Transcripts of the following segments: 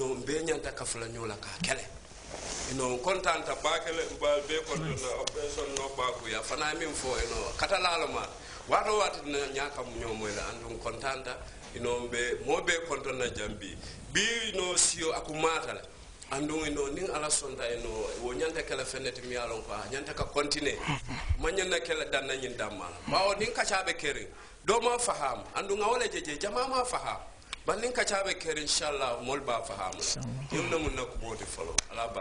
non mbe ñanta kafla ñola ka kele non contanta bakele mbal be kontona opération no bakuya fana min fo eno katalalama wato wati na ñakam ñomoyla andum contanta ino mbe mo be kontona jambi bi no siyo akumatala andun ino nin ala sonta ino wo ñanta kela fenneti mi yalon ko ñanta ka continuer ma ñanna kela danna ñin dammala bawo nin kacaɓe kerin do ma faham andu ngawole jeje jama ma faham bannin ka caabe ker inchallah mol ba fahamu yum na mun na ku bode folo ala ba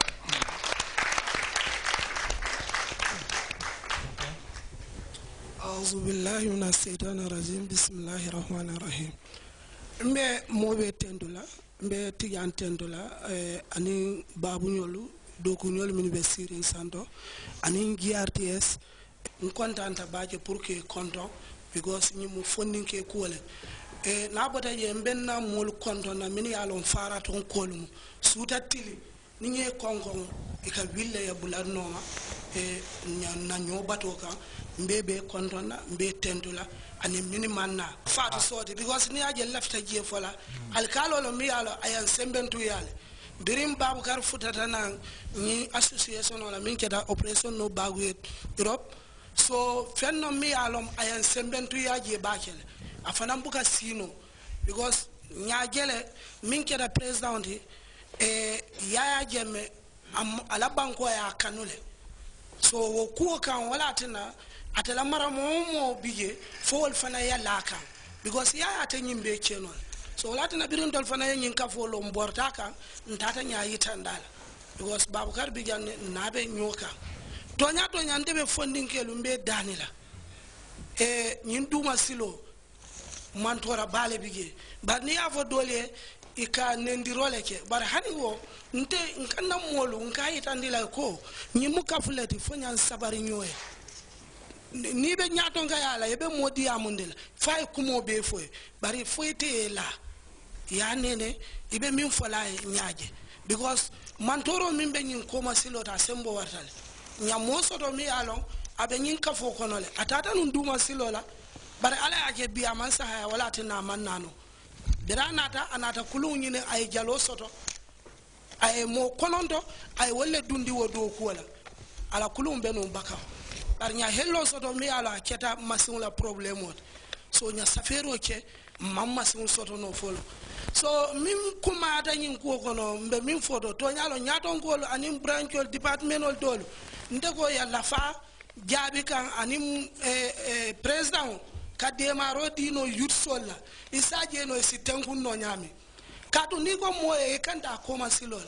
أعوذ بالله من الشيطان الرجيم بسم الله الرحمن الرحيم mbe moɓe tendula mbe tijan tendula eh, anin babuñolu dokuñolu min ɓe sirin santo anin grts n contanta baje pour que content because e na bota je ben na mol konto na min ya lon fara ton kolum suta tili ni nye konko e ka wille ya bulan noma e na nyo bato kan mbe be konto na mbe tentula ani min manna fatu soti because ni aje lafta je fola alkalo lo mi yalo ayan sembentu yale birin babukar futata na ni association ola min keda operation no so fenno mi yalom ayan a fana buka sino because ñaajele min keta président ti eh, e yaya jemme ala banko ya kanule so wo kuwo kan wala atina atela mara moo bije fo wol fana ya laa kan because yaya ate ñim be ceenol so wala atina birin dol fana ya ñin ka fo lo mborta kan ntata ña yitanda la because babukar bijan naabe ñoo kan toña toña nde be fondin kelu mbe danila e eh, ñin duuma silo mantora baale bige bari ni y'a fɔ dole ye i ka nendirole kɛ bari hani wo nte n kana moolu n ka yitandi la ko ñimu kafuleti fo ñan sabari ñoye n'i bɛ ɲatɔn ka y'a la i bɛ mɔ di a mun de ye kumaw bɛ fɔ ye bari foyi tɛ ye la i y'a nɛnɛ i bɛ min fɔ ye n y'a jɛ because mantoro min bɛ ɲin komasi lɔ a se n bɔ warita le ɲa mɔɔ sɔrɔ min y'a a bɛ ɲin kafo kɔnɔ le a taata nin duumasi lɔ la bari ala y'a kɛ bi a man sahaya wala a tɛ na a man nano bira a nata a nata kuluw ɲini a ye jalo soto a ye mɔɔ kɔnɔntɔ a ye wale dundi wo do kuwa la ala kuluw bɛ n'u ba kan bari ɲa hellɔ sɔtɔ mi y'a la a kɛta masiŋ la problème wɔt so ɲa safeero cɛ ma masiŋ sɔtɔ n'o fɔlɔ so min kumayata ñiŋ kuwo kono mbe min fo to to ñaalo ñaatonkoolu aniŋ branchol départementol doolu nte ko yalla faa jaabi kaŋ aniŋ eh, eh ka demaro dino youth sol la i sa jeno i si tenkun no ñaami kaatu ni ko mooye i kanta commencé lool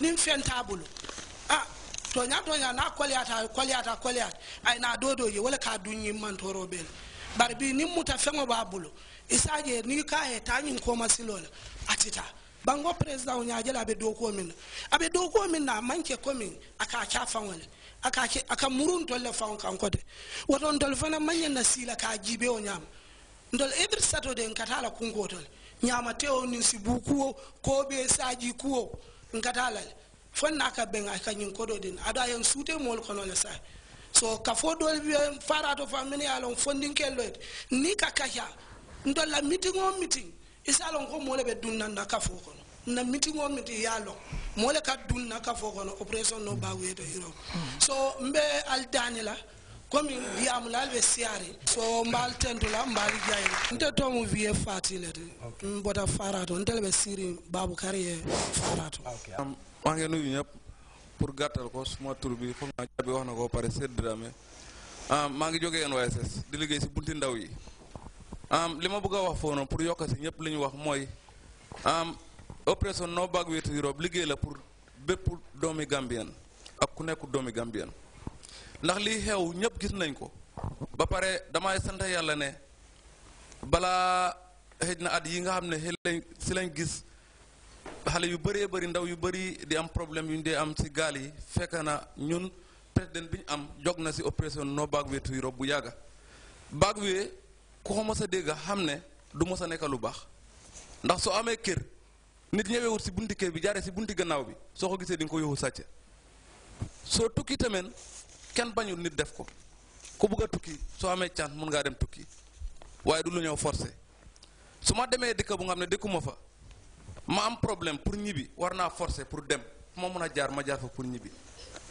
nin fen t'a bolo ah toña toña n'a koliyata koliyata koliyata ay na do do je wala ka dun yin man toro be bari bi nin muta fɛŋo b'a bolo i sa je ni k'a ye taa ɲin commencé lool a ti taa bango président ɲaajɛ la a bɛ doko min na a bɛ doko min na a man kɛ komi a k'a ca faŋo le a ke aka murun tolle fawn kanko de woton tol fana manya na sila ka jibe o nyam ndol ibir sato de katala kungo tol nyama teo ni sibu kuwo ko be saji kuwo nkatala fonna ka ben aka nyin kodo din ada yan sute mol kono le sai so ka fo dol bi fara to famini alon fondin kelloet ni ka kaja ndol la meeting o meeting isalon ko mole be dunnan na ka fo kono na meeting o meeting yalo mole ka dun na ka fo kono operation no ba weto hiro so mbe al danila komi biyamula al be siari so mbal tentula mbal jayi nte to mu vie fatile de mbota farato nte be siri babu kariye farato ah, ma ngi nuyu ñep pour gàttal ko suma tur bi foog naa jaabi wax na ko pare Sèye Dramé maa ngi jógee NYSS di liggéey si bunti ndaw yi li ma bëgg a wax foofu noonu pour yokk si ñëpp li wax mooy opération No Bag With Europe liggéey la pour bépp doomi Gambien ak ku nekk doomi Gambien ndax lii xew ñëpp gis nañ ko ba pare damay sant yàlla ne balaa xëj na at yi nga xam ne si lañ gis xale yu bëree bëri ndaw yu bëri di am problème yu ñu am si gaal yi fekk na ñun président bi am jog na si opération No Bag With Europe bu yàgga baag wee ku ko mos a dégg xam ne du mos a nekk lu baax ndax soo amee kër. nit ñëwewut si bunti kër bi jaaree si bunti gannaaw bi soo ko gisee di nga ko yóbbu sàcc soo tukki tamit kenn bañul nit def ko ku bugg tukki soo amee chance mun ngaa dem tukki waaye du lu ñëw forcé su ma demee dëkk bu nga xam ne dëkkuma fa ma am problème pour ñibbi war naa forcé pour dem fu ma mun a jaar ma jaar fa pour ñibbi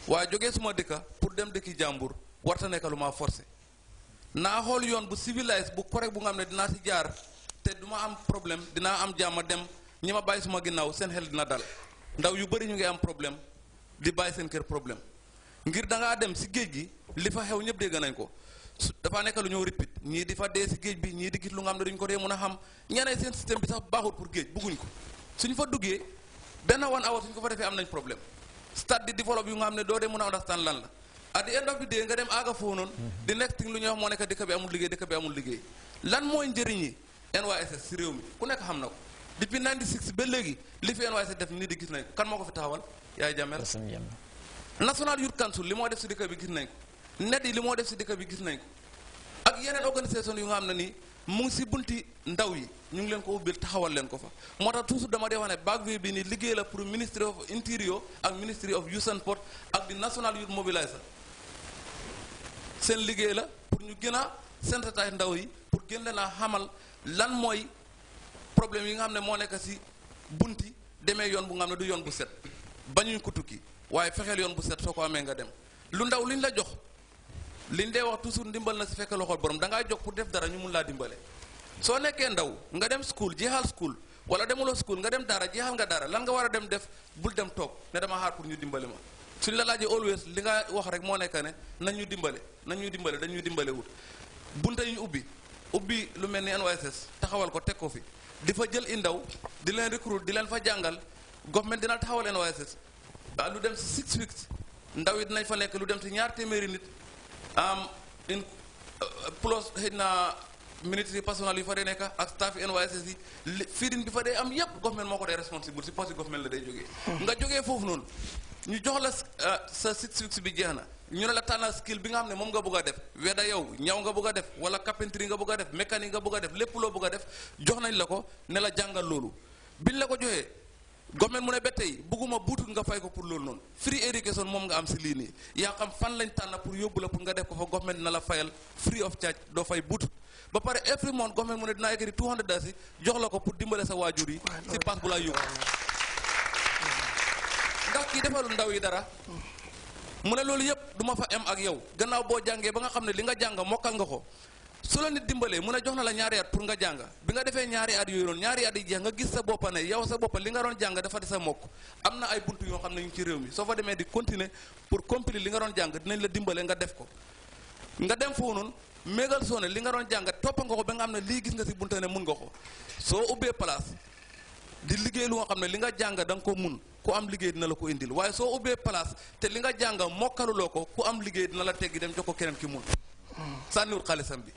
waaye jógee suma dëkka pour dem dëkki jàmbur warta nekk lu ma forcé naa xool yoon bu civilisé bu correct bu nga xam ne dinaa si jaar te du ma am problème dinaa am jàmm dem. ñi ma bàyyi suma ginnaaw seen xel dina dal ndaw yu bëri ñu ngi am problème di bàyyi seen kër problème ngir da ngaa dem si géej gi li fa xew ñëpp dégg nañ ko dafa nekk lu ñëw répit ñii di fa dee si géej bi ñii di gis lu nga xam ne duñ ko dee mën a xam ñeneen seen système bi sax baaxul pour géej bugguñ ko suñ fa duggee benn wan awa suñ ko fa defee am nañ problème stat di développe yu nga xam ne doo dee mën a understand lan la at the end of the day nga dem aaga foofu noonu di nekk moo nekk dëkk bi amul liggéey dëkk bi amul liggéey lan mooy njëriñ yi NYSS si réew mi ku nekk xam na ko depuis 96 ba léegi li fi NYSC def nii di gis nañ ko kan moo ko fi taxawal yaay jàmmel national youth council li moo def si dëkk bi gis nañ ko net yi li moo def si dëkk bi gis nañ ko ak yeneen organisation yu nga xam ne ni mu ngi si bunti ndaw yi ñu ngi leen ko ubbil taxawal leen ko fa moo tax toujours dama dee wax ne bac bi ni liggéey la pour ministry of interior ak ministry of youth and sport ak di national youth mobiliser seen liggéey la pour ñu gën a sensitiser ndaw yi pour gën leen xamal lan mooy problème yi nga xam ne nek ci bunti démé yoon bu nga xam du yoon bu set bañuñ ko tukki waye fexel yoon bu set soko amé nga dem lu ndaw liñ la jox liñ dee wax toujours ndimbal na ci fekk loxol borom da nga jox pour def dara ñu mën la dimbalé so nekké ndaw nga dem school jihal school wala demulo school nga dem dara jihal nga dara lan nga wara dem def bul dem tok ne dama xaar pour ñu dimbalé ma suñ la always li nga wax rek mo nek ne nañu dimbalé nañu dimbalé dañu dimbalé wut bunta ñu ubbi ubbi lu melni taxawal ko fi di fa jël i ndaw di leen recruter di leen fa jàngal government dina taxawal NYSS ah lu dem si six weeks ndaw yi nañ fa nekk lu dem si ñaar téeméeri nit am une euh, plus xëy na ministry personnel yi fa dee nekk ak staff NYSS yi fiirin bi fa dee am yépp government moo ko dee responsible si poste la day jógee hmm. nga jógee foofu noonu ñu jox la euh, sa six weeks bi jeex na ñu ne la tànnal skill bi nga xam ne moom nga bëgg a def weda yow ñaw nga bëgg a def wala carpentry nga bëgg def mécanique nga bëgg a def lépp loo bëgg a def jox nañ la ko ne la jàngal loolu biñ la ko joxee government mu ne ba tey bugguma buutul nga fay ko pour loolu noonu free education moom nga am si lii nii yaa xam fan lañ tànn pour yóbbu la pour nga def ko fa government na la fayal free of charge doo fay buut ba pare every month government mu ne dinaa yëkkati 200 dalasi jox la ko pour dimbale sa waajur yi si laa yóbbu ndax kii ndaw yi dara ne loolu yëpp du ma fa am ak yow gannaaw boo jàngee ba nga xam ne li nga jàng mokkal nga ko su la nit dimbalee mu a jox na la ñaari at pour nga jàng bi nga defee ñaari at yooyu noonu ñaari at yi jeex nga gis sa boppa ne yow sa boppa li nga doon jàng dafa di sa mokk am na ay yoo xam ne ñu ci réew mi soo fa demee di continuer pour compléter li nga doon jàng dinañ la dimbale nga def ko nga dem foofu noonu mégal soo ne li nga doon jàng toppa nga ko ba nga am ne lii gis nga si bunta ne mun nga ko soo ubbee place di liggéey lu nga xam ne li nga jàng da nga ko mun ku am liggéey dina la ko indil waaye soo ubbee place te li nga jàng mokkaluloo ko ku am liggéey dina la teggi dem jox ko keneen ki mun sànniwul xaalisam bi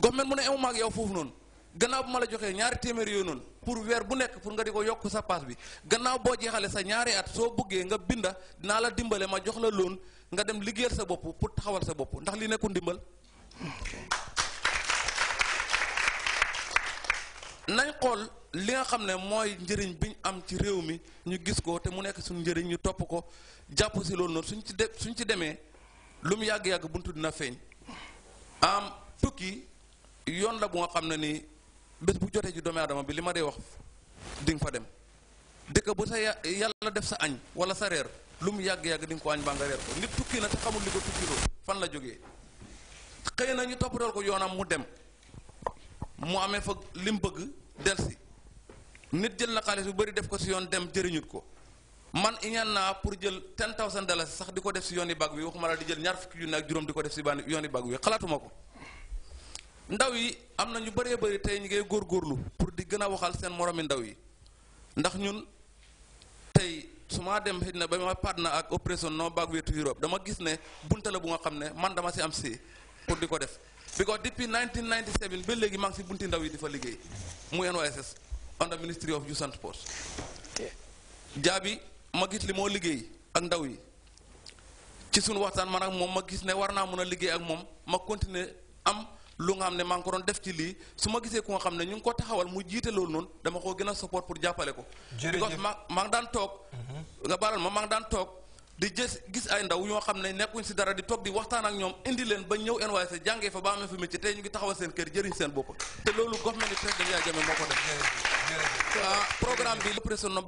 government mu ne amuma ak yow foofu noonu gannaaw bu ma la joxee ñaari téeméer yooyu noonu pour weer bu nekk pour nga di ko yokk sa paas bi gannaaw boo jeexale sa ñaari at soo bëggee nga binda dinaa la dimbale ma jox la loon nga dem liggéeyal sa bopp pour taxawal sa bopp ndax li nekkul ndimbal nañ li nga xam ne mooy njëriñ bi ñu am ci réew mi ñu gis ko te mu nekk suñ njëriñ ñu topp ko jàpp si loolu noonu suñ ci de suñ ci demee lu mu yàgg-yàgg buntu dina feeñ am tukki yoon la bu nga xam ne ni bés bu jotee ci doomu aadama bi li ma dee wax di nga fa dem dëkk bu sa yàlla def sa añ wala sa reer lu mu yàgg-yàgg di ko añ baa nga reer ko nit tukki na te xamul li ko tukki loolu fan la jógee xëy na ñu toppatool ko yoonam mu dem mu amee fa li mu bëgg si nit jël na xaliss bu bari def ko ci yoon dem jëriñut ko man iñaan na pour jël 10000 dollars sax diko def ci yooni bag wi waxuma la di jël ñaar fukki junni ak juroom di def si ban yooni bag wi xalaatuma ko ndaw yi am ñu bari bari tay ñi ngay gorlu pour di gëna waxal seen moromi ndaw yi ndax ñun tay suma dem hedna na ba ma paat na ak oppression no bag wi Europe dama gis ne bunta la bu nga xamne ne man dama ci am ci pour di def biko depuis 1997 ba léegi maa ngi bunti ndaw yi di liggey mu NYSS under ministry of youth and sports jaabi ma gis li moo liggéey ak ndaw yi ci suñu waxtaan man ak moom ma gis ne war naa mën a liggéey ak moom ma continuer am lu nga xam ne maa ngi ko doon def ci lii su ma gisee ku nga xam ne ñu ngi ko taxawal mu jiite loolu noonu dama koo gën a support pour jàppale ko because ma maa ngi daan toog mhm. nga baaral ma maa ngi daan toog di gës gis ay ndaw yoo xam ne nekkuñ si dara di toog di waxtaan ak ñoom indi leen ba ñëw NYSC jàngee fa ba amee fa métier tey ñu ngi taxawal seen kër jëriñ seen bopp loolu government président ko def programme bi le président